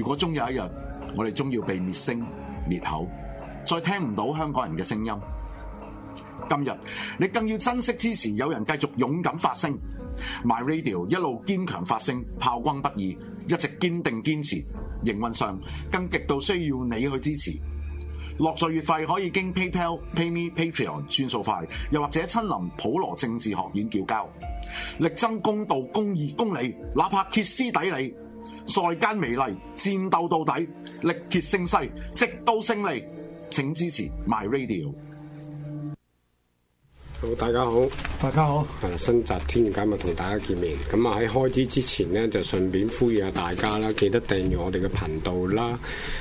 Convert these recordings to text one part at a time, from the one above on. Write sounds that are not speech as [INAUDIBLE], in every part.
如果終有一日，我哋終要被滅聲滅口，再聽唔到香港人嘅聲音。今日你更要珍惜之前有人繼續勇敢發聲。My radio 一路堅強發聲，炮轟不已，一直堅定堅持。營運上更極度需要你去支持。落在月費可以經 PayPal、PayMe、Patreon 轉數快，又或者親臨普羅政治學院叫交，力爭公道、公義、公理，公理哪怕歇斯底里。在艱危裡，戰鬥到底，力竭聲嘶，直到勝利，請支持 My Radio。好，大家好，大家好，係新集天玄解密今日同大家見面。咁啊喺開始之前咧，就順便呼籲下大家啦，記得訂閱我哋嘅頻道啦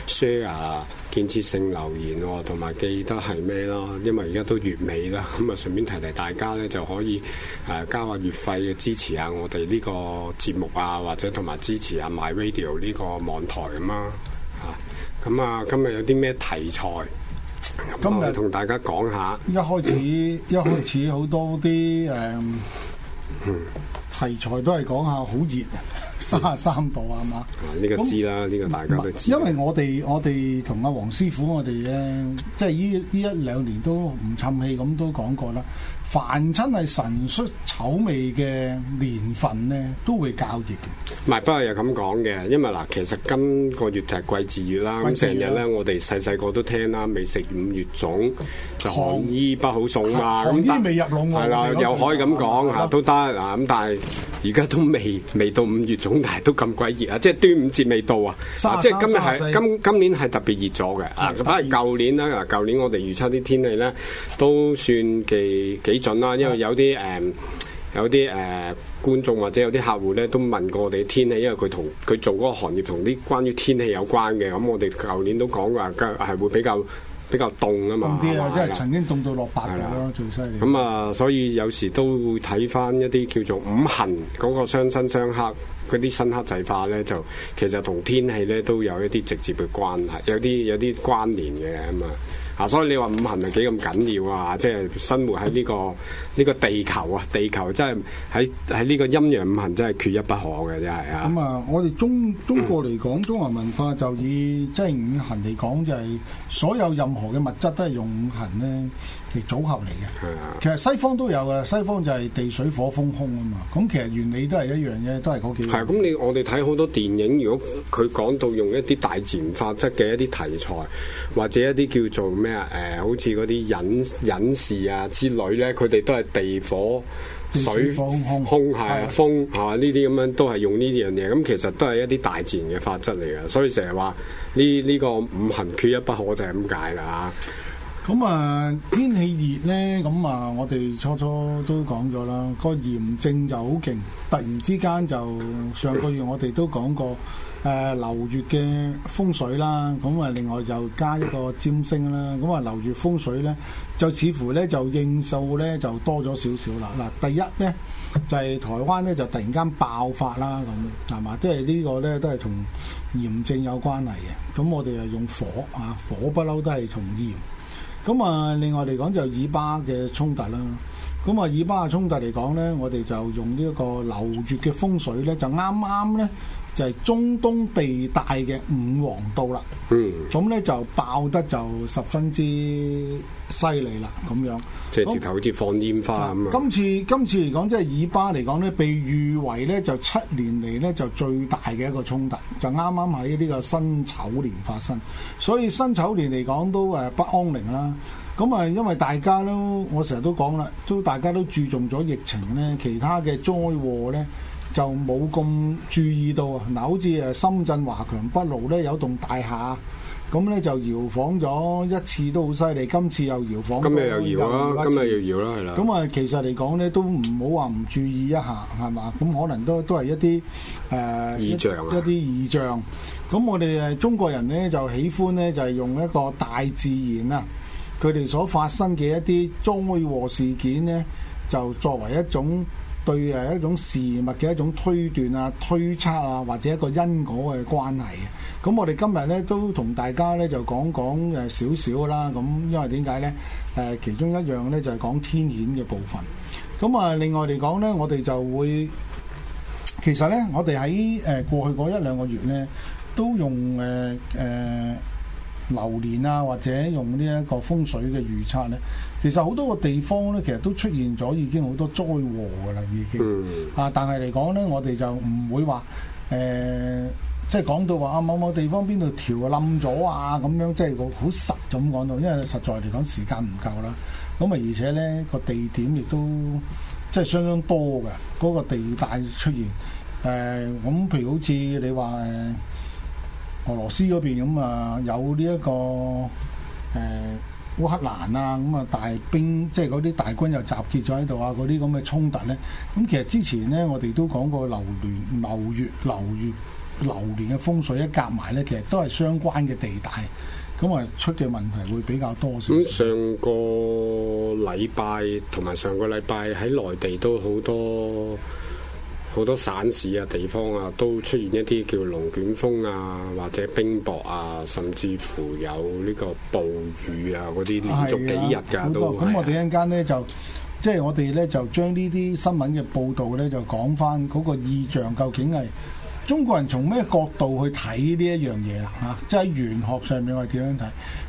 ，share 建設性留言，同、哦、埋記得係咩咯？因為而家都月尾啦，咁、嗯、啊順便提提大家咧，就可以誒、呃、交下月費嘅支持啊，我哋呢個節目啊，或者同埋支持啊 My Radio 呢個網台咁、嗯、啊。吓，咁啊今日有啲咩題材？今日同大家講下，一開始 [COUGHS] 一開始好多啲誒，嗯、 [COUGHS] 題材都係講下好熱。三十三度啊嘛，呢、這個知啦，呢那個大家都知。因為我哋我哋同阿黃師傅我哋咧，即係呢呢一兩年都唔冚氣咁都講過啦。凡親係辰戌丑未嘅年份咧，都會較熱。唔係，不過又咁講嘅，因為嗱，其實今個月係季節月啦，咁成日咧，我哋細細個都聽啦，未食五月粽。季季寒衣不好送啊！寒衣未入籠啊！係啦樣，又可以咁講吓，的都得嗱咁。但係而家都未未到五月總大都咁鬼熱啊！即係端午節未到啊！33，即係今日係 34, 今今年係特別熱咗嘅啊！反係舊年啦嗱，舊年我哋預測啲天氣咧都算幾幾準啦，因為有啲誒有啲誒觀眾或者有啲客戶咧都問過我哋天氣，因為佢同佢做嗰個行業同啲關於天氣有關嘅，咁我哋舊年都講話係會比較。比較凍啊嘛，吧即係曾經凍到落白咁樣仲犀利。咁啊的，所以有時都會睇翻一啲叫做五行嗰個相生相克嗰啲生克制化咧，就其實同天氣咧都有一啲直接嘅關係，有啲有啲關聯嘅咁啊。啊！所以你話五行係幾咁緊要啊？即係生活喺呢個呢個地球啊，地球真係喺喺呢個陰陽五行真係缺一不可嘅，真係啊！咁啊，我哋中中國嚟講， [COUGHS] 中華文化就以即係五行嚟講，就係所有任何嘅物質都係用五行嘅。係組合嚟嘅，其實西方都有嘅，西方就係地水火風空啊嘛。咁其實原理都係一樣嘅，都係嗰幾。係咁，你我哋睇好多電影，如果佢講到用一啲大自然法則嘅一啲題材，或者一啲叫做咩啊？誒、呃，好似嗰啲隱隱士啊之類咧，佢哋都係地火、水、風、空係的啊，風係呢啲咁樣都係用呢樣嘢，咁其實都係一啲大自然嘅法則嚟嘅。所以成日話呢呢個五行缺一不可就係咁解啦。咁啊，天氣熱呢，咁啊，我哋初初都講咗啦，個炎症就好勁，突然之間就上個月我哋都講過，誒、呃、流月嘅風水啦，咁啊，另外就加一個占星啦，咁啊，流月風水呢，就似乎呢，就應數呢，就多咗少少啦。嗱，第一呢，就係、是、台灣呢，就突然間爆發啦，咁係嘛，即係呢個呢，都係同炎症有關係嘅。咁我哋啊用火啊，火不嬲都係從炎。咁啊，另外嚟講就以巴嘅衝突啦。咁啊，以巴嘅衝突嚟講咧，我哋就用呢一個流月嘅風水咧，就啱啱咧。就係中東地帶嘅五黃到啦，咁咧、嗯、就爆得就十分之犀利啦，咁樣。即係直頭好似放煙花咁啊！今次今次嚟講，即、就、係、是、以巴嚟講咧，被譽為咧就七年嚟咧就最大嘅一個衝突，就啱啱喺呢個辛丑年發生。所以辛丑年嚟講都誒不安寧啦。咁啊，因為大家都我成日都講啦，都大家都注重咗疫情咧，其他嘅災禍咧，就冇咁注意到啊！嗱，好似誒深圳華強北路咧有棟大廈，咁咧就搖晃咗一次都好犀利，今次又搖晃。今日又搖啦！次今日又搖啦，係啦。咁啊，其實嚟講咧，都唔好話唔注意一下，係嘛？咁可能都都係一啲誒、呃、異象、啊、一啲異象。咁我哋誒中國人咧就喜歡咧就係用一個大自然啊，佢哋所發生嘅一啲災禍事件咧，就作為一種，對誒一種事物嘅一種推斷啊、推測啊，或者一個因果嘅關係嘅。咁我哋今日呢都同大家呢就講講誒少少啦。咁因為點解呢？誒其中一樣呢就係、是、講天譴嘅部分。咁啊，另外嚟講呢，我哋就會其實呢，我哋喺誒過去嗰一兩個月呢，都用誒誒。呃呃流年啊，或者用呢一個風水嘅預測咧，其實好多個地方咧，其實都出現咗已經好多災禍嘅啦，已經。啊，但係嚟講咧，我哋就唔會話誒、呃，即係講到話啊，某某地方邊度倒冧咗啊，咁樣即係好實咁講到，因為實在嚟講時間唔夠啦。咁啊，而且咧個地點亦都即係相相多嘅，嗰、那個地帶出現誒，咁、呃、譬如好似你話誒。俄羅斯嗰邊咁啊、這個，有呢一個誒烏克蘭啊，咁啊大兵，即係嗰啲大軍又集結咗喺度啊，嗰啲咁嘅衝突咧，咁其實之前咧，我哋都講過流年、流月、流月、流年嘅風水一夾埋咧，其實都係相關嘅地帶，咁啊出嘅問題會比較多少、嗯。咁上個禮拜同埋上個禮拜喺內地都好多。好多省市啊、地方啊，都出現一啲叫龍捲風啊，或者冰雹啊，甚至乎有呢個暴雨啊嗰啲連續幾日㗎。咁我哋一間咧就，即係我哋咧就將呢啲新聞嘅報導咧就講翻嗰個意象究竟係中國人從咩角度去睇呢一樣嘢啦？嚇、啊，即係喺玄學上面我哋點樣睇？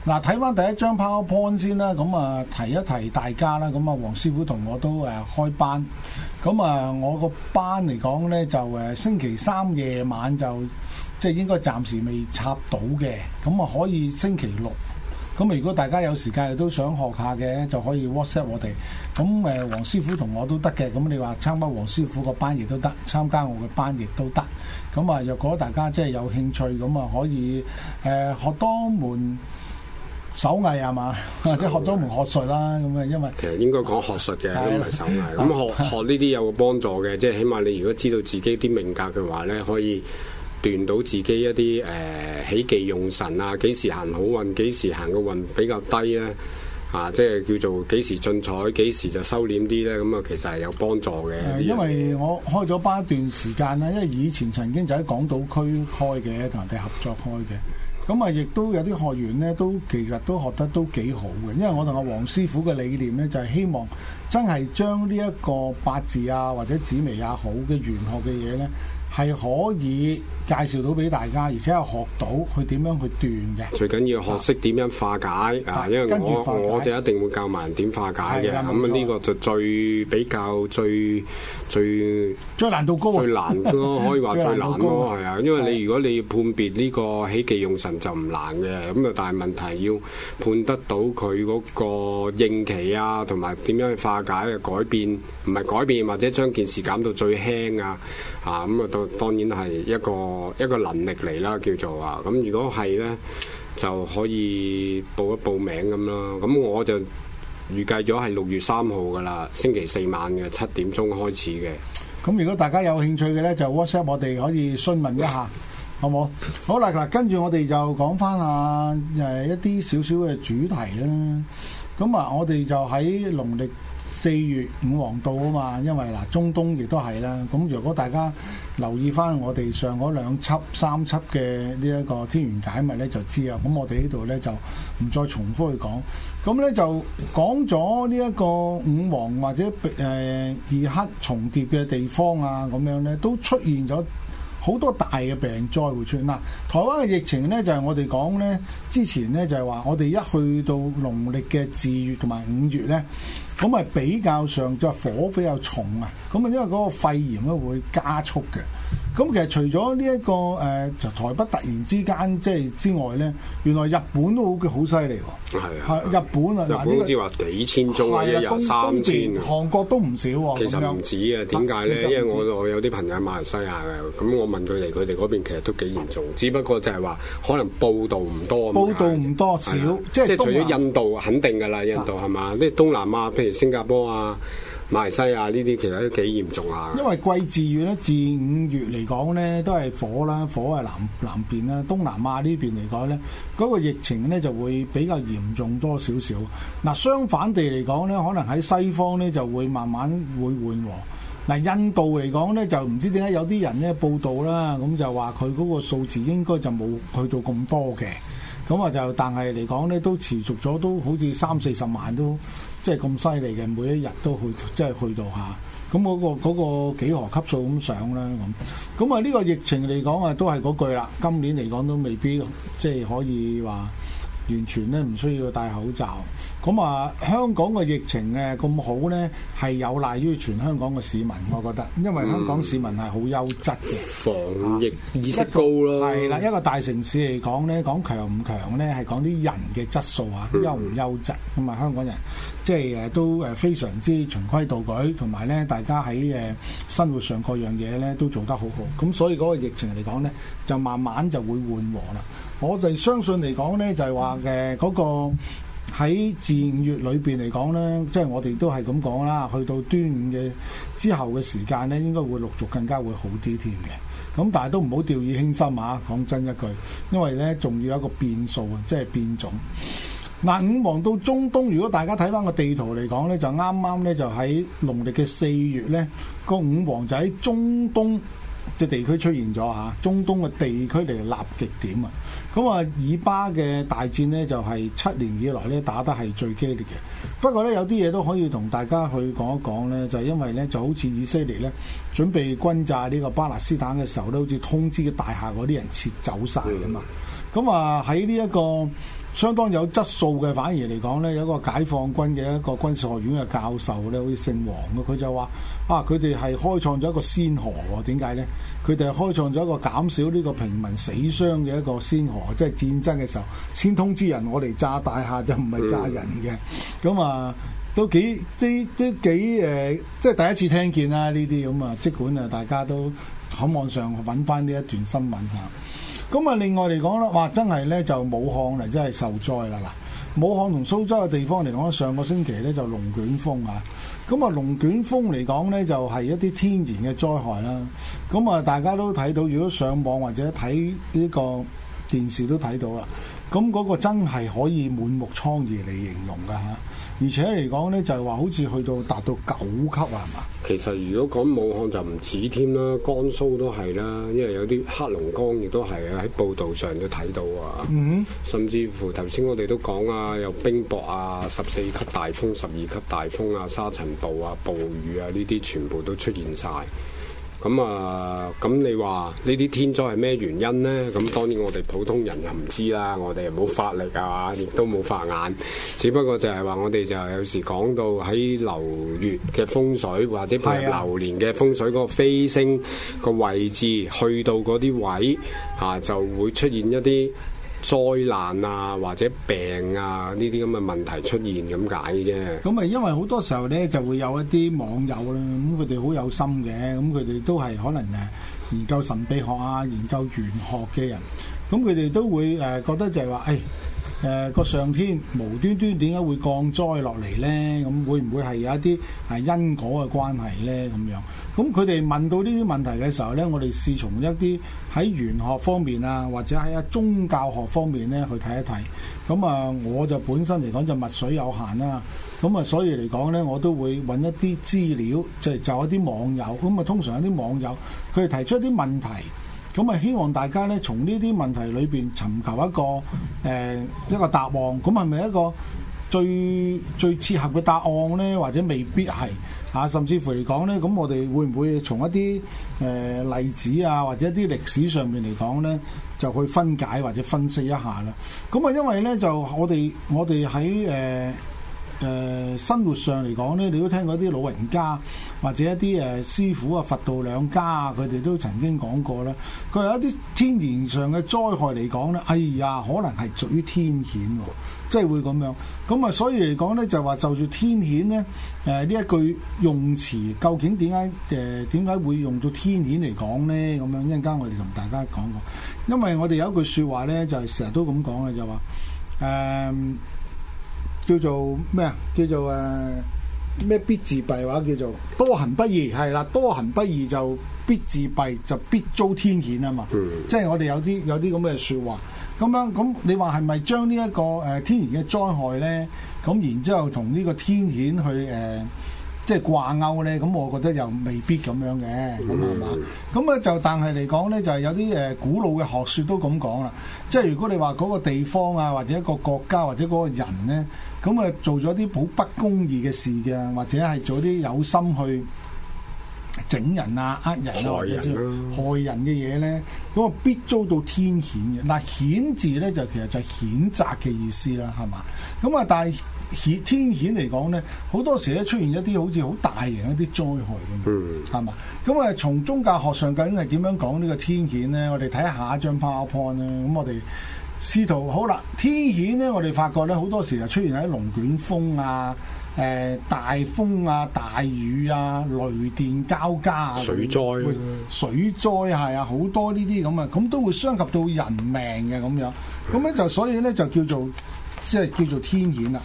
嗱、啊，睇翻第一張 PowerPoint 先啦，咁啊提一提大家啦，咁啊黃師傅同我都誒、啊、開班。咁啊，我個班嚟講呢，就誒星期三夜晚就即係應該暫時未插到嘅，咁啊可以星期六。咁如果大家有時間都想學下嘅，就可以 WhatsApp 我哋。咁誒，黃師傅同我都得嘅。咁你話參加黃師傅個班亦都得，參加我嘅班亦都得。咁啊，若果大家即係有興趣，咁啊可以誒、呃、學多門。手藝係嘛，或者學咗門學術啦，咁啊，因為其實應該講學術嘅， [LAUGHS] 都唔係手藝。咁 [LAUGHS] 學 [LAUGHS] 學呢啲有個幫助嘅，即係起碼你如果知道自己啲命格嘅話咧，可以斷到自己一啲誒、呃、喜忌用神啊，幾時行好運，幾時行個運比較低咧，啊，即係叫做幾時進彩，幾時就收斂啲咧，咁啊，其實係有幫助嘅。因為我開咗班一段時間啦，因為以前曾經就喺港島區開嘅，同人哋合作開嘅。咁啊，亦都有啲學員咧，都其實都學得都幾好嘅，因為我同阿黃師傅嘅理念咧，就係希望真係將呢一個八字啊，或者紫微也、啊、好嘅玄學嘅嘢咧，係可以介紹到俾大家，而且係學到佢點樣去斷嘅。最緊要學識點樣化解啊！因為我我就一定會教埋人點化解嘅。咁啊，呢個就最比較最最最難度高，最難咯，可以話最難咯，係啊！因為你如果你要判別呢個喜忌用神就唔難嘅，咁啊，但係問題要判得到佢嗰個應期啊，同埋點樣去化解嘅改變，唔係改變或者將件事減到最輕啊，啊咁啊當然係一個一個能力嚟啦，叫做啊咁。如果係呢，就可以報一報名咁啦。咁我就預計咗係六月三號噶啦，星期四晚嘅七點鐘開始嘅。咁如果大家有興趣嘅呢，就 WhatsApp 我哋可以詢問一下， [LAUGHS] 好冇？好啦，嗱，跟住我哋就講翻啊，誒一啲少少嘅主題啦。咁啊，我哋就喺農曆，四月五黃到啊嘛，因為嗱，中東亦都係啦。咁如果大家留意翻我哋上嗰兩輯、三輯嘅呢一個天玄解密呢，就知啊。咁我哋呢度呢，就唔再重複去講。咁呢就講咗呢一個五黃或者誒二黑重疊嘅地方啊，咁樣呢都出現咗。好多大嘅病災會出現，台灣嘅疫情咧就係、是、我哋講咧，之前咧就係、是、話我哋一去到農曆嘅四月同埋五月咧，咁啊比較上就係、是、火比較重啊，咁啊因為嗰個肺炎咧會加速嘅。咁其實除咗呢一個誒，就台北突然之間即係之外咧，原來日本都好好犀利喎。係啊，日本啊，好似話幾千宗一日三千啊？韓國都唔少喎。其實唔止啊，點解咧？因為我我有啲朋友喺馬來西亞嘅，咁我問佢哋，佢哋嗰邊其實都幾嚴重，只不過就係話可能報道唔多啊，報道唔多少，即係即係除咗印度肯定噶啦，印度係嘛？即係東南亞譬如新加坡啊。馬來西亞呢啲其實都幾嚴重下，因為季節月咧，至五月嚟講咧，都係火啦，火係南南邊啦，東南亞呢邊嚟講咧，嗰個疫情咧就會比較嚴重多少少。嗱，相反地嚟講咧，可能喺西方咧就會慢慢會緩和。嗱，印度嚟講咧就唔知點解有啲人咧報道啦，咁就話佢嗰個數字應該就冇去到咁多嘅。咁啊，就但係嚟講咧，都持續咗，都好似三四十萬都即係咁犀利嘅，每一日都去即係去到嚇。咁啊嗰個嗰個幾何級數咁上啦咁。咁啊，呢個疫情嚟講啊，都係嗰句啦。今年嚟講都未必即係可以話。完全咧唔需要戴口罩，咁啊香港嘅疫情咧咁、啊、好呢，係有賴於全香港嘅市民，我覺得，因為香港市民係好優質嘅、嗯啊、防疫意識高咯，係啦，一個大城市嚟講呢，講強唔強呢，係講啲人嘅質素啊，優唔優質，咁、嗯、啊香港人即係都誒非常之循規蹈矩，同埋呢大家喺誒生活上各樣嘢呢都做得好好，咁所以嗰個疫情嚟講呢，就慢慢就會緩和啦。我哋相信嚟講呢就係話嘅嗰個喺自五月裏邊嚟講呢，即係、就是、我哋都係咁講啦。去到端午嘅之後嘅時間呢，應該會陸續更加會好啲添嘅。咁但係都唔好掉以輕心啊！講真一句，因為呢仲要有一個變數啊，即、就、係、是、變種。嗱，五黃到中東，如果大家睇翻個地圖嚟講呢，就啱啱呢就喺農曆嘅四月呢，個五黃就喺中東。即係地區出現咗吓，中東嘅地區嚟到立極點啊！咁啊，以巴嘅大戰呢，就係七年以來呢打得係最激烈嘅。不過呢，有啲嘢都可以同大家去講一講呢就係、是、因為呢，就好似以色列呢，準備轟炸呢個巴勒斯坦嘅時候，都好似通知嘅大廈嗰啲人撤走晒㗎嘛。咁啊的，喺呢一個。相當有質素嘅，反而嚟講呢，有一個解放軍嘅一個軍事學院嘅教授呢好似姓黃嘅，佢就話：啊，佢哋係開創咗一個先河，點解呢？佢哋係開創咗一個減少呢個平民死傷嘅一個先河，即係戰爭嘅時候，先通知人我嚟炸大廈，就唔係炸人嘅。咁啊、嗯，都幾啲都幾誒、呃，即係第一次聽見啦呢啲咁啊。即管啊，大家都喺網上揾翻呢一段新聞嚇。咁啊，另外嚟講啦，哇，真係呢，就武漢嚟，真係受災啦嗱。武漢同蘇州嘅地方嚟講，上個星期呢，就龍捲風啊。咁啊，龍捲風嚟講呢，就係、是、一啲天然嘅災害啦。咁啊，大家都睇到，如果上網或者睇呢個電視都睇到啊。咁、那、嗰個真係可以滿目瘡痍嚟形容噶嚇。啊而且嚟講呢，就係話好似去到達到九級啊，係嘛？其實如果講武漢就唔止添啦，江蘇都係啦，因為有啲黑龍江亦都係喺報道上都睇到啊。嗯。甚至乎頭先我哋都講啊，有冰雹啊，十四級大風、十二級大風啊，沙塵暴啊、暴雨啊，呢啲全部都出現晒。咁啊，咁、嗯嗯嗯、你話呢啲天災係咩原因呢？咁、嗯、當然我哋普通人又唔知啦，我哋又冇法力啊，亦都冇法眼。只不過就係話我哋就有時講到喺流月嘅風水，或者譬如流年嘅風水嗰個飛星個位置，去到嗰啲位嚇、啊、就會出現一啲。災難啊，或者病啊，呢啲咁嘅問題出現咁解嘅啫。咁啊，因為好多時候咧，就會有一啲網友啦，咁佢哋好有心嘅，咁佢哋都係可能誒研究神秘學啊、研究玄學嘅人，咁佢哋都會誒覺得就係話，誒。誒個、嗯、上天無端端點解會降災落嚟呢？咁會唔會係有一啲係因果嘅關係呢？咁樣咁佢哋問到呢啲問題嘅時候呢，我哋試從一啲喺玄學方面啊，或者喺啊宗教學方面呢去睇一睇。咁、嗯、啊，我就本身嚟講就墨水有限啦，咁啊，所以嚟講呢，我都會揾一啲資料，就係就一啲網友。咁啊，通常有啲網友佢哋提出一啲問題。咁啊，希望大家呢，從呢啲問題裏邊尋求一個誒、呃、一個答案，咁係咪一個最最切合嘅答案呢？或者未必係啊，甚至乎嚟講呢，咁我哋會唔會從一啲誒、呃、例子啊，或者一啲歷史上面嚟講呢，就去分解或者分析一下啦？咁啊，因為呢，就我哋我哋喺誒。呃誒、呃、生活上嚟講咧，你都聽過一啲老人家或者一啲誒、呃、師傅啊、佛道兩家啊，佢哋都曾經講過啦。佢有一啲天然上嘅災害嚟講咧，哎呀，可能係屬於天譴喎，即係會咁樣。咁啊，所以嚟講咧，就話就住天譴咧。誒、呃、呢一句用詞，究竟點解誒點解會用到天譴嚟講咧？咁樣一陣間我哋同大家講過，因為我哋有一句説話咧，就係成日都咁講嘅，就話誒。呃叫做咩啊？叫做誒咩、呃、必自斃，話叫做多行不義，係啦，多行不義就必自斃，就必遭天譴啊嘛。嗯、即係我哋有啲有啲咁嘅説話。咁樣咁你話係咪將呢、這、一個誒、呃、天然嘅災害咧？咁然之後同呢個天譴去誒？呃即係掛鈎咧，咁我覺得又未必咁樣嘅，咁係嘛。咁啊就，但係嚟講咧，就係有啲誒古老嘅學説都咁講啦。即係如果你話嗰個地方啊，或者一個國家，或者嗰個人咧，咁啊做咗啲好不公義嘅事嘅，或者係做啲有心去整人啊、呃人啊、或者害人嘅嘢咧，咁啊必遭到天譴嘅。嗱，譴字咧就其實就係譴責嘅意思啦，係嘛？咁啊，但係。天天譴嚟講咧，好多時都出現一啲好似好大型一啲災害嘅嘛，係嘛？咁啊，從宗教學上究竟係點樣講呢個天譴咧？我哋睇下一張 power point 啦。咁我哋試圖，好啦，天譴咧，我哋發覺咧好多時就出現喺龍捲風啊、誒、呃、大風啊、大雨啊、雷電交加啊、水災啊、水災，水災係啊，好多呢啲咁啊，咁都會傷及到人命嘅咁樣。咁咧、mm. 就所以咧就叫做即係、就是、叫做天譴啦。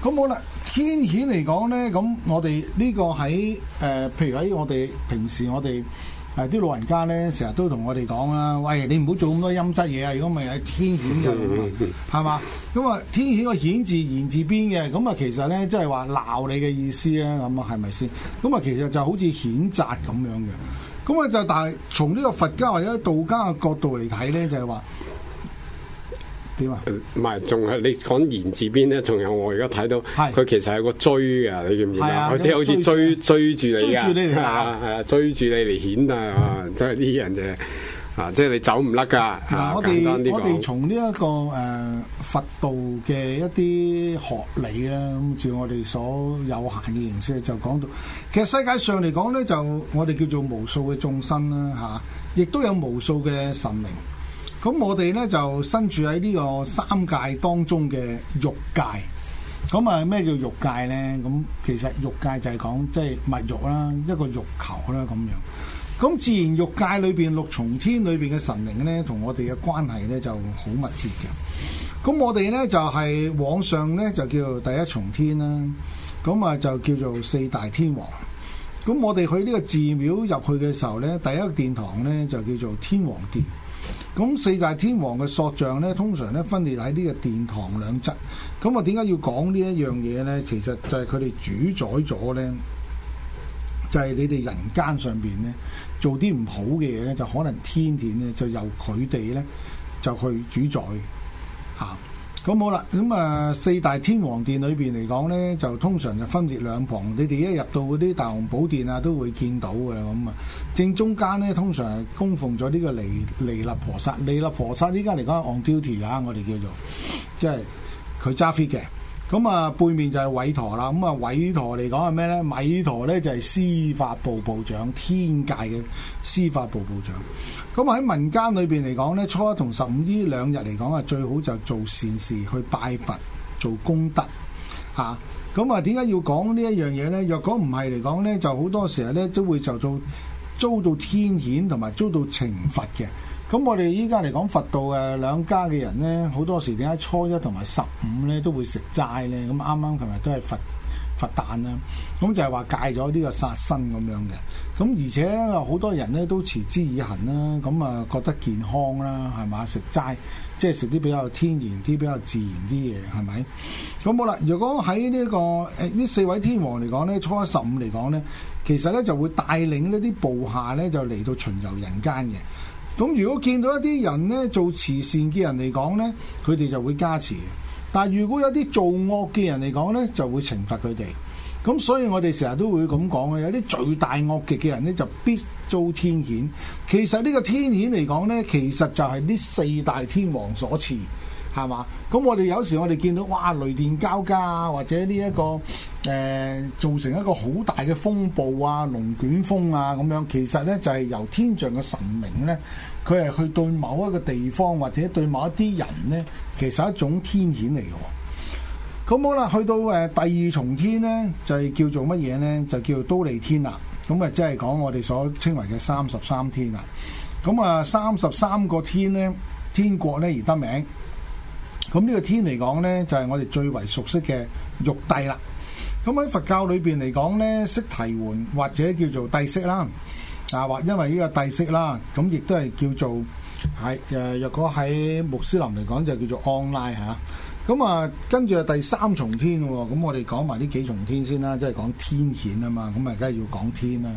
咁好啦，天譴嚟講咧，咁我哋呢個喺誒、呃，譬如喺我哋平時我哋誒啲老人家咧，成日都同我哋講啦，喂，你唔好做咁多陰質嘢啊！如果唔係喺天譴入係嘛？係嘛、嗯？咁、嗯、啊，嗯、天譴個譴字言字邊嘅，咁啊其實咧，即係話鬧你嘅意思咧，咁啊係咪先？咁啊其實就好似譴責咁樣嘅，咁啊就但係從呢個佛家或者道家嘅角度嚟睇咧，就係、是、話。唔係，仲係你講言字邊咧？仲有我而家睇到，佢是其實係個追嘅，你見唔見啊？即係好似追追住你㗎，係啊，追住你嚟譴啊！即係呢啲人就啊，即係你走唔甩㗎。嗱、啊，我哋我哋從呢、這、一個誒、呃、佛道嘅一啲學理啦，咁至我哋所有限嘅形式就講到，其實世界上嚟講咧，就我哋叫做無數嘅眾生啦，嚇、啊，亦、啊、都有無數嘅神靈。咁我哋咧就身處喺呢個三界當中嘅欲界。咁啊，咩叫欲界呢？咁其實欲界就係講即係物欲啦，一個欲求啦，咁樣。咁自然欲界裏邊六重天裏邊嘅神靈呢，同我哋嘅關係呢就好密切嘅。咁我哋呢就係、是、往上呢，就叫做第一重天啦。咁啊就叫做四大天王。咁我哋去呢個寺廟入去嘅時候呢，第一個殿堂呢，就叫做天王殿。咁四大天王嘅塑像呢，通常呢分列喺呢個殿堂兩側。咁我點解要講呢一樣嘢呢？其實就係佢哋主宰咗呢，就係、是、你哋人間上邊呢，做啲唔好嘅嘢呢，就可能天譴，呢就由佢哋呢，就去主宰吓。啊咁、 [MUSIC] 嗯、好啦，咁啊四大天王殿裏邊嚟講咧，就通常就分列兩旁。你哋一入到嗰啲大雄寶殿啊，都會見到㗎喇咁啊，正中間咧，通常係供奉咗呢個彌彌勒菩薩。彌勒菩薩依家嚟講 on duty 啊，我哋叫做即係佢揸 fit 嘅。咁啊，背面就係韋馱啦。咁啊，韋馱嚟講係咩呢？韋馱呢就係司法部部長，天界嘅司法部部長。咁啊，喺民間裏邊嚟講呢，初一同十五呢兩日嚟講啊，最好就做善事，去拜佛，做功德嚇。咁啊，點解要講呢一樣嘢呢？若果唔係嚟講呢，就好多時候呢，都會就做遭到天譴同埋遭到懲罰嘅。咁我哋依家嚟講，佛道誒兩家嘅人呢，好多時點解初一同埋十五呢都會食齋呢？咁啱啱琴日都係佛佛誕啦，咁就係、是、話戒咗呢個殺生咁樣嘅。咁而且咧，好多人呢都持之以恒啦，咁、嗯、啊覺得健康啦，係嘛食齋，即係食啲比較天然啲、比較自然啲嘢，係咪？咁好啦。如果喺呢、這個誒呢、呃、四位天王嚟講呢，初一十五嚟講呢，其實呢就會帶領呢啲部下呢，就嚟到巡遊人間嘅。咁如果見到一啲人呢，做慈善嘅人嚟講呢，佢哋就會加持，但如果有啲做惡嘅人嚟講呢，就會懲罰佢哋。咁所以我哋成日都會咁講嘅，有啲罪大惡極嘅人呢，就必遭天譴。其實呢個天譴嚟講呢，其實就係呢四大天王所賜。係嘛？咁我哋有時我哋見到哇，雷電交加啊，或者呢一個誒、呃、造成一個好大嘅風暴龍捲風啊、龍捲風啊咁樣，其實呢，就係、是、由天象嘅神明呢，佢係去對某一個地方或者對某一啲人呢，其實一種天譴嚟嘅。咁、嗯、好啦，去到誒第二重天呢，就係叫做乜嘢呢？就叫做都利天啦。咁啊，即係講我哋所稱為嘅三十三天啦。咁啊，三十三個天呢，天國呢，而得名。咁呢個天嚟講呢，就係、是、我哋最為熟悉嘅玉帝啦。咁喺佛教裏邊嚟講呢，釋提桓或者叫做帝釋啦，啊或因為呢個帝釋啦，咁亦都係叫做喺若果喺穆斯林嚟講就叫做 o n l 安拉嚇。咁啊，跟住、啊、第三重天喎、啊，咁我哋講埋呢幾重天先啦，即係講天譴啊嘛，咁啊梗係要講天啦、啊。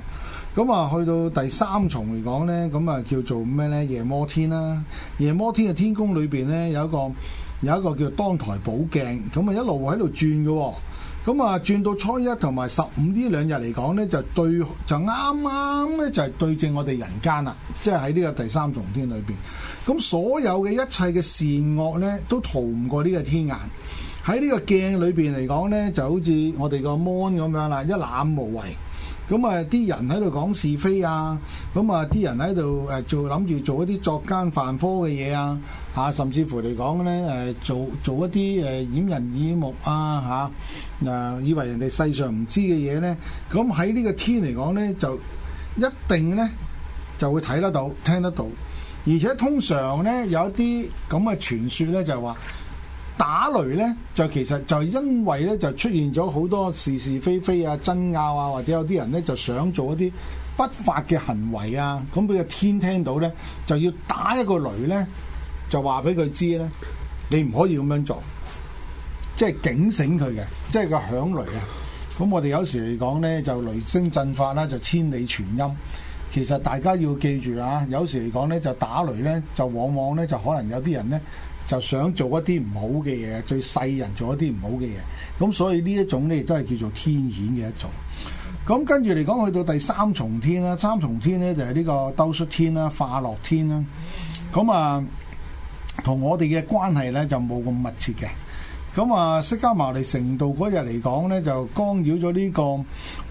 咁啊去到第三重嚟講呢，咁啊叫做咩呢？夜摩天啦、啊，夜摩天嘅天宮裏邊呢，有一個。有一個叫當台寶鏡，咁啊一路喺度轉嘅、哦，咁啊轉到初一同埋十五呢兩日嚟講呢就對就啱啱呢就係、是、對正我哋人間啦，即係喺呢個第三重天裏邊，咁所有嘅一切嘅善惡呢都逃唔過呢個天眼，喺呢個鏡裏邊嚟講呢，就好似我哋個芒咁樣啦，一覽無遺。咁啊，啲人喺度講是非啊，咁啊，啲人喺度誒做諗住做一啲作奸犯科嘅嘢啊，嚇、啊，甚至乎嚟講咧誒，做做一啲誒掩人耳目啊，嚇、啊、嗱、啊，以為人哋世上唔知嘅嘢咧，咁喺呢個天嚟講咧，就一定咧就會睇得到、聽得到，而且通常咧有一啲咁嘅傳説咧就係、是、話，打雷呢，就其實就因為呢，就出現咗好多是是非非啊、爭拗啊，或者有啲人呢就想做一啲不法嘅行為啊。咁佢個天聽到呢，就要打一個雷呢，就話俾佢知呢，你唔可以咁樣做，即係警醒佢嘅，即係個響雷啊。咁我哋有時嚟講呢，就雷聲震發啦、啊，就千里傳音。其實大家要記住啊，有時嚟講呢，就打雷呢，就往往呢，就可能有啲人呢。就想做一啲唔好嘅嘢，最世人做一啲唔好嘅嘢，咁所以呢一種咧亦都係叫做天譴嘅一種。咁跟住嚟講，去到第三重天啦、啊，三重天呢，就係、是、呢個兜率天啦、啊、化樂天啦。咁啊，同、啊、我哋嘅關係呢，就冇咁密切嘅。咁啊，釋迦牟尼成道嗰日嚟講咧，就干擾咗呢個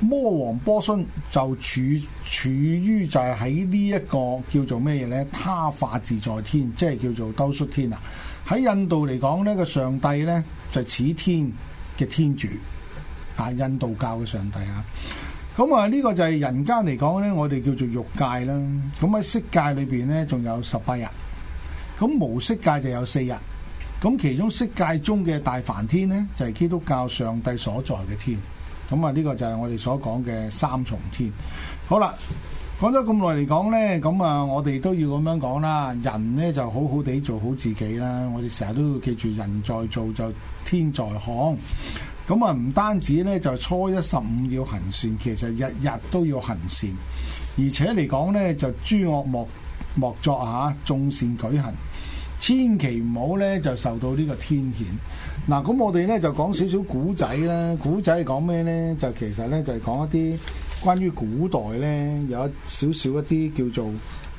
魔王波旬，就處處於就係喺呢一個叫做咩嘢咧？他化自在天，即係叫做兜率天啊！喺印度嚟講呢個上帝咧就似天嘅天主啊，印度教嘅上帝啊。咁啊，呢個就係人間嚟講咧，我哋叫做欲界啦。咁喺色界裏邊咧，仲有十八日，咁無色界就有四日。咁其中色界中嘅大梵天呢，就係、是、基督教上帝所在嘅天。咁、嗯、啊，呢、這個就係我哋所講嘅三重天。好啦，講咗咁耐嚟講呢，咁、嗯、啊，我哋都要咁樣講啦。人呢，就好好地做好自己啦。我哋成日都要記住，人在做就天在看。咁、嗯、啊，唔、嗯、單止呢，就初一十五要行善，其實日日都要行善。而且嚟講呢，就諸惡莫莫作吓，眾善舉行。千祈唔好咧，就受到呢個天譴。嗱，咁我哋咧就講少少古仔啦。古仔係講咩咧？就其實咧就係講一啲關於古代咧有一少少一啲叫做誒、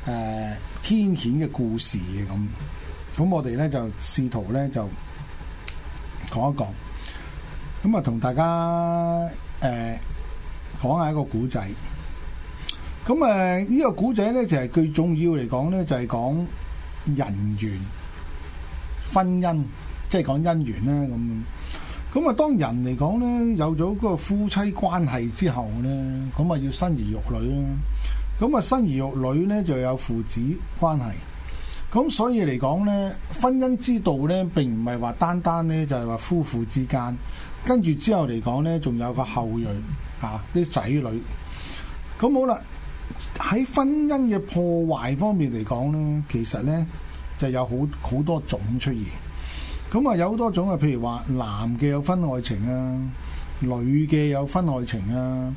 呃、天譴嘅故事嘅咁。咁我哋咧就試圖咧就講一講。咁啊，同大家誒、呃、講一下一個古仔。咁誒、呃這個、呢個古仔咧就係最重要嚟、就是、講咧就係講。人緣、婚姻，即係講姻緣啦。咁。咁啊，當人嚟講呢，有咗嗰個夫妻關係之後呢，咁啊要生兒育女啦。咁啊，生兒育女呢，就有父子關係。咁所以嚟講呢，婚姻之道呢，並唔係話單單呢，就係話夫婦之間，跟住之後嚟講呢，仲有個後裔啊，啲仔女。咁好啦。喺婚姻嘅破壞方面嚟講呢，其實呢就有好好多種出現。咁啊，有好多種啊，譬如話男嘅有婚外情啊，女嘅有婚外情啊。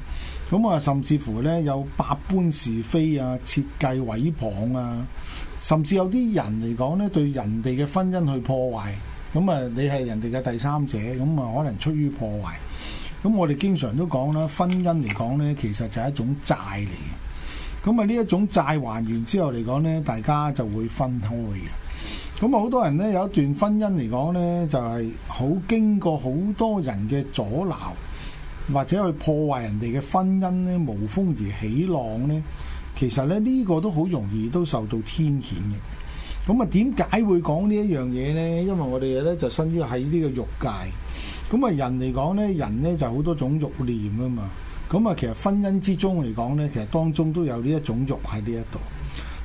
咁啊，甚至乎呢，有百般是非啊，設計毀謗啊，甚至有啲人嚟講呢，對人哋嘅婚姻去破壞。咁啊，你係人哋嘅第三者，咁啊可能出於破壞。咁我哋經常都講啦，婚姻嚟講呢，其實就係一種債嚟。咁啊呢一種債還完之後嚟講呢，大家就會分開嘅。咁啊好多人呢，有一段婚姻嚟講呢，就係、是、好經過好多人嘅阻撓，或者去破壞人哋嘅婚姻呢，無風而起浪呢。其實呢，呢、這個都好容易都受到天譴嘅。咁啊點解會講呢一樣嘢呢？因為我哋咧就生於喺呢個欲界。咁啊人嚟講呢，人呢就好、是、多種慾念啊嘛。咁啊，其實婚姻之中嚟講咧，其實當中都有呢一種肉喺呢一度。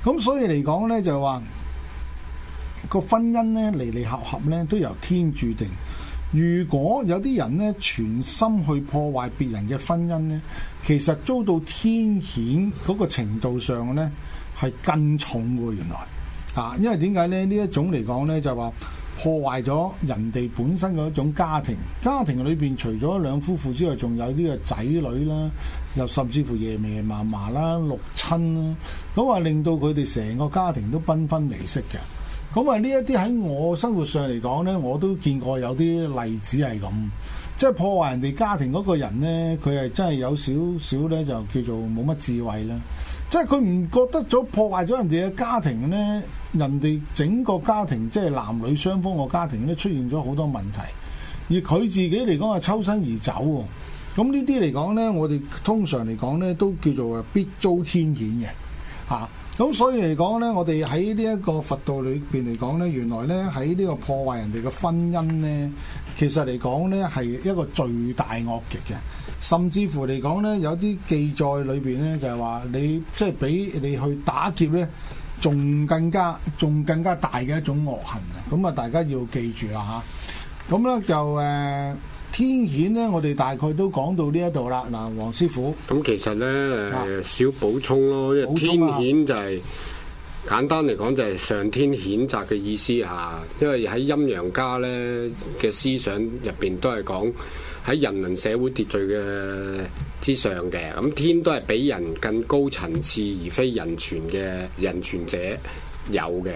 咁、嗯、所以嚟講咧，就話、是、個婚姻咧離離合合咧都由天注定。如果有啲人咧全心去破壞別人嘅婚姻咧，其實遭到天譴嗰個程度上咧係更重嘅。原來啊，因為點解咧？呢一種嚟講咧，就話、是。破壞咗人哋本身嘅一種家庭，家庭裏邊除咗兩夫婦之外，仲有呢個仔女啦，又甚至乎爺爺嫲嫲啦、六親啦，咁啊令到佢哋成個家庭都紛紛離析嘅。咁啊，呢一啲喺我生活上嚟講呢，我都見過有啲例子係咁，即係破壞人哋家，家庭嗰個人呢，佢係真係有少少呢，就叫做冇乜智慧啦。即係佢唔覺得咗破壞咗人哋嘅家庭呢，人哋整個家庭即係男女雙方個家庭呢，出現咗好多問題，而佢自己嚟講係抽身而走喎。咁呢啲嚟講呢，我哋通常嚟講呢都叫做必啊必遭天譴嘅嚇。咁所以嚟講呢，我哋喺呢一個佛道裏邊嚟講呢，原來呢喺呢個破壞人哋嘅婚姻呢。其實嚟講咧，係一個最大惡極嘅，甚至乎嚟講咧，有啲記載裏邊咧，就係、是、話你即係、就是、比你去打劫咧，仲更，更加仲更加大嘅一種惡行啊！咁啊，大家要記住啦嚇。咁、啊、咧就誒、呃、天譴咧，我哋大概都講到呢一度啦。嗱，黃師傅，咁其實咧誒少補充咯，因為天譴就係、是。簡單嚟講，就係上天譴責嘅意思嚇，因為喺陰陽家咧嘅思想入邊都係講喺人倫社會秩序嘅之上嘅，咁天都係比人更高層次，而非人權嘅人權者。有嘅，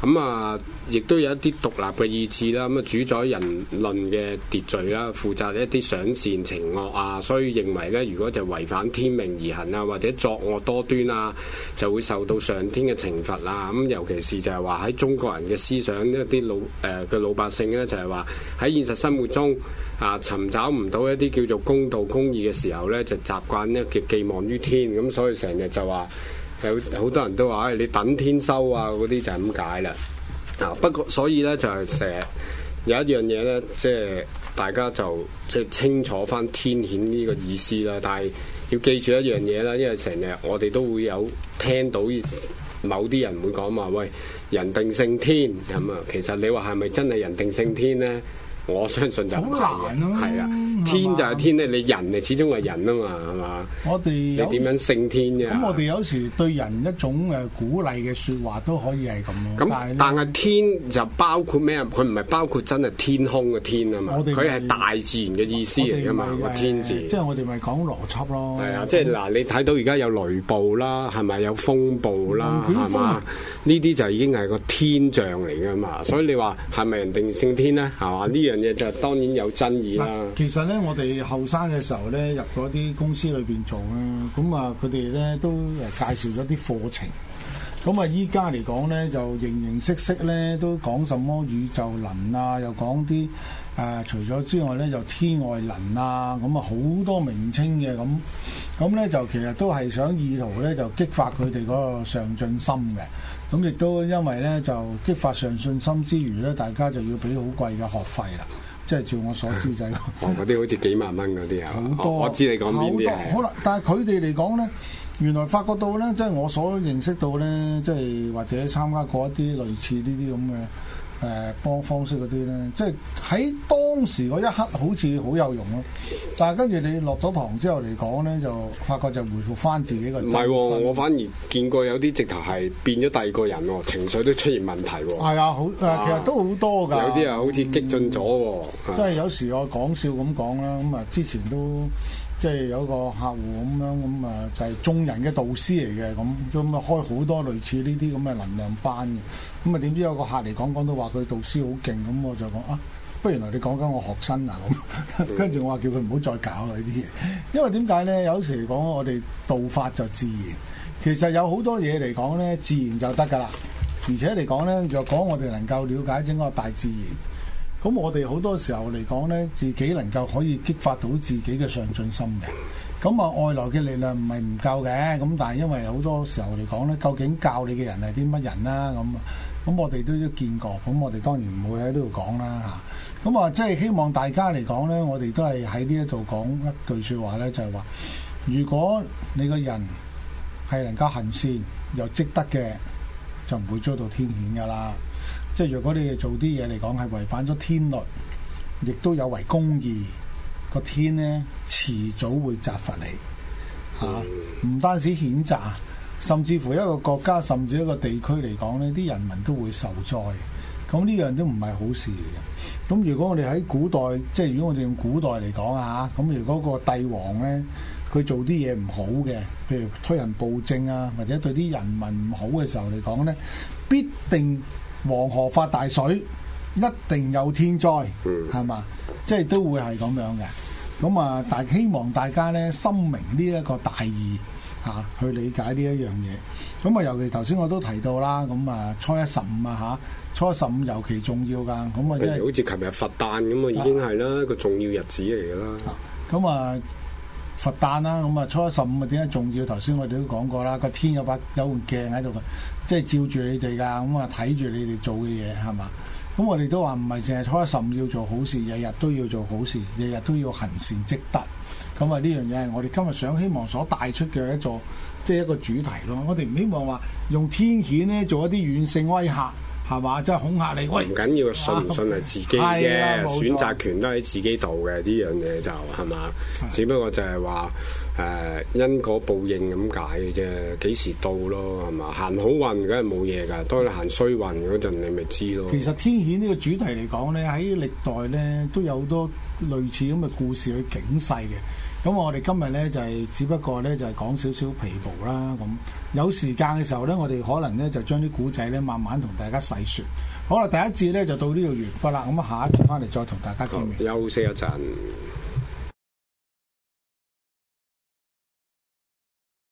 咁、嗯、啊，亦都有一啲獨立嘅意志啦，咁、嗯、啊主宰人倫嘅秩序啦，負責一啲賞善懲惡啊，所以認為咧，如果就違反天命而行啊，或者作惡多端啊，就會受到上天嘅懲罰啦。咁、嗯、尤其是就係話喺中國人嘅思想一啲老誒嘅、呃、老百姓咧，就係話喺現實生活中啊，尋找唔到一啲叫做公道公義嘅時候咧，就習慣呢，叫寄望於天，咁、嗯、所以成日就話。有好多人都話：哎，你等天收啊，嗰啲就係咁解啦。啊，不過所以咧就係成日有一樣嘢咧，即係大家就即係清楚翻天譴呢個意思啦。但係要記住一樣嘢啦，因為成日我哋都會有聽到某啲人會講話：喂，人定勝天咁啊。其實你話係咪真係人定勝天咧？我相信就好難啊！係啊，天就係天咧，你人咧始終係人啊嘛，係嘛。我哋你點樣勝天嘅？咁我哋有時對人一種誒鼓勵嘅説話都可以係咁咯。咁但係天就包括咩？佢唔係包括真係天空嘅天啊嘛。佢係大自然嘅意思嚟㗎嘛，個天字。即係我哋咪講邏輯咯。係啊，即係嗱，你睇到而家有雷暴啦，係咪？有風暴啦？係嘛，呢啲就已經係個天象嚟㗎嘛。所以你話係咪人定勝天呢？係嘛，呢樣。嘢當然有爭議啦。其實呢，我哋後生嘅時候呢，入嗰啲公司裏邊做啦，咁啊，佢哋呢，都誒介紹咗啲課程。咁啊，依家嚟講呢，就形形式式呢，都講什麼宇宙能啊，又講啲誒、呃、除咗之外呢，就天外能啊，咁啊，好多名稱嘅咁。咁呢就其實都係想意圖呢，就激發佢哋嗰個上進心嘅。咁亦都因為咧，就激發上信心之餘咧，大家就要俾好貴嘅學費啦。即係照我所知就係，哦 [LAUGHS] 嗰啲好似幾萬蚊嗰啲啊，好 [LAUGHS] 多、哦。我知你講啲嘢。好啦，但係佢哋嚟講咧，原來發覺到咧，即係我所認識到咧，即係或者參加過一啲類似呢啲咁嘅。誒幫方式嗰啲咧，即係喺當時嗰一刻好似好有用咯，但係跟住你落咗堂之後嚟講咧，就發覺就回復翻自己個。唔係喎，我反而見過有啲直頭係變咗第二個人喎、哦，情緒都出現問題喎、哦。係啊、哎，好誒、呃，其實都好多㗎、啊。有啲啊，好似激進咗喎、哦嗯。即係有時我講笑咁講啦，咁、嗯、啊，之前都。即係有個客戶咁樣咁啊，就係、是、眾人嘅導師嚟嘅咁，咁啊開好多類似呢啲咁嘅能量班嘅。咁啊點知有個客嚟講講都話佢導師好勁，咁我就講啊，不如原來你講緊我學生啊咁。跟 [LAUGHS] 住我話叫佢唔好再搞啦呢啲嘢，因為點解咧？有時嚟講我哋道法就自然，其實有好多嘢嚟講咧，自然就得㗎啦。而且嚟講咧，若果我哋能夠瞭解整個大自然。咁我哋好多時候嚟講呢，自己能夠可以激發到自己嘅上進心嘅。咁啊，外來嘅力量唔係唔夠嘅。咁但係因為好多時候嚟講呢，究竟教你嘅人係啲乜人啦、啊？咁咁我哋都都見過。咁我哋當然唔會喺呢度講啦嚇。咁啊，即係希望大家嚟講呢，我哋都係喺呢一度講一句説話呢，就係、是、話：如果你個人係能夠行善又積德嘅，就唔會遭到天譴噶啦。即係如果你做啲嘢嚟講係違反咗天律，亦都有違公義，個天呢，遲早會責罰你嚇。唔、啊、單止譴責，甚至乎一個國家甚至一個地區嚟講呢，啲人民都會受災。咁呢樣都唔係好事嚟嘅。咁如果我哋喺古代，即係如果我哋用古代嚟講啊嚇，咁如果個帝王呢，佢做啲嘢唔好嘅，譬如推人暴政啊，或者對啲人民唔好嘅時候嚟講呢，必定。黃河發大水，一定有天災，係嘛，嗯？即係都會係咁樣嘅。咁啊，但係希望大家咧，心明呢一個大義吓、啊，去理解呢一樣嘢。咁啊，尤其頭先我都提到啦，咁啊，初一十五啊吓，初一十五尤其重要噶。咁啊，即係、嗯、好似琴日佛誕咁啊，已經係啦，一個重要日子嚟嘅啦。咁啊。啊嗯啊佛誕啦，咁啊，初一十五啊，點解重要？頭先我哋都講過啦，個天有把有碗鏡喺度嘅，即係照住你哋㗎，咁啊，睇住你哋做嘅嘢係嘛？咁我哋都話唔係淨係初一十五要做好事，日日都要做好事，日日都要行善積德。咁啊，呢樣嘢係我哋今日想希望所帶出嘅一座，即係一個主題咯。我哋唔希望話用天譴咧做一啲軟性威嚇。係嘛？即係恐嚇你，唔緊要，信唔信係自己嘅吧選擇權，都喺自己度嘅。呢樣嘢就係嘛？吧只不過就係話誒因果報應咁解嘅啫，幾時到咯？係嘛？行好運梗係冇嘢㗎，當你行衰運嗰陣，你咪知咯。其實天譴呢個主題嚟講咧，喺歷代咧都有好多類似咁嘅故事去警世嘅。咁我哋今日呢，就係只不過呢，就係講少少皮毛啦咁，有時間嘅時候呢，我哋可能呢，就將啲古仔呢，慢慢同大家細説。好啦，第一節呢，就到呢度完畢啦。咁下一節翻嚟再同大家見面。休息一陣。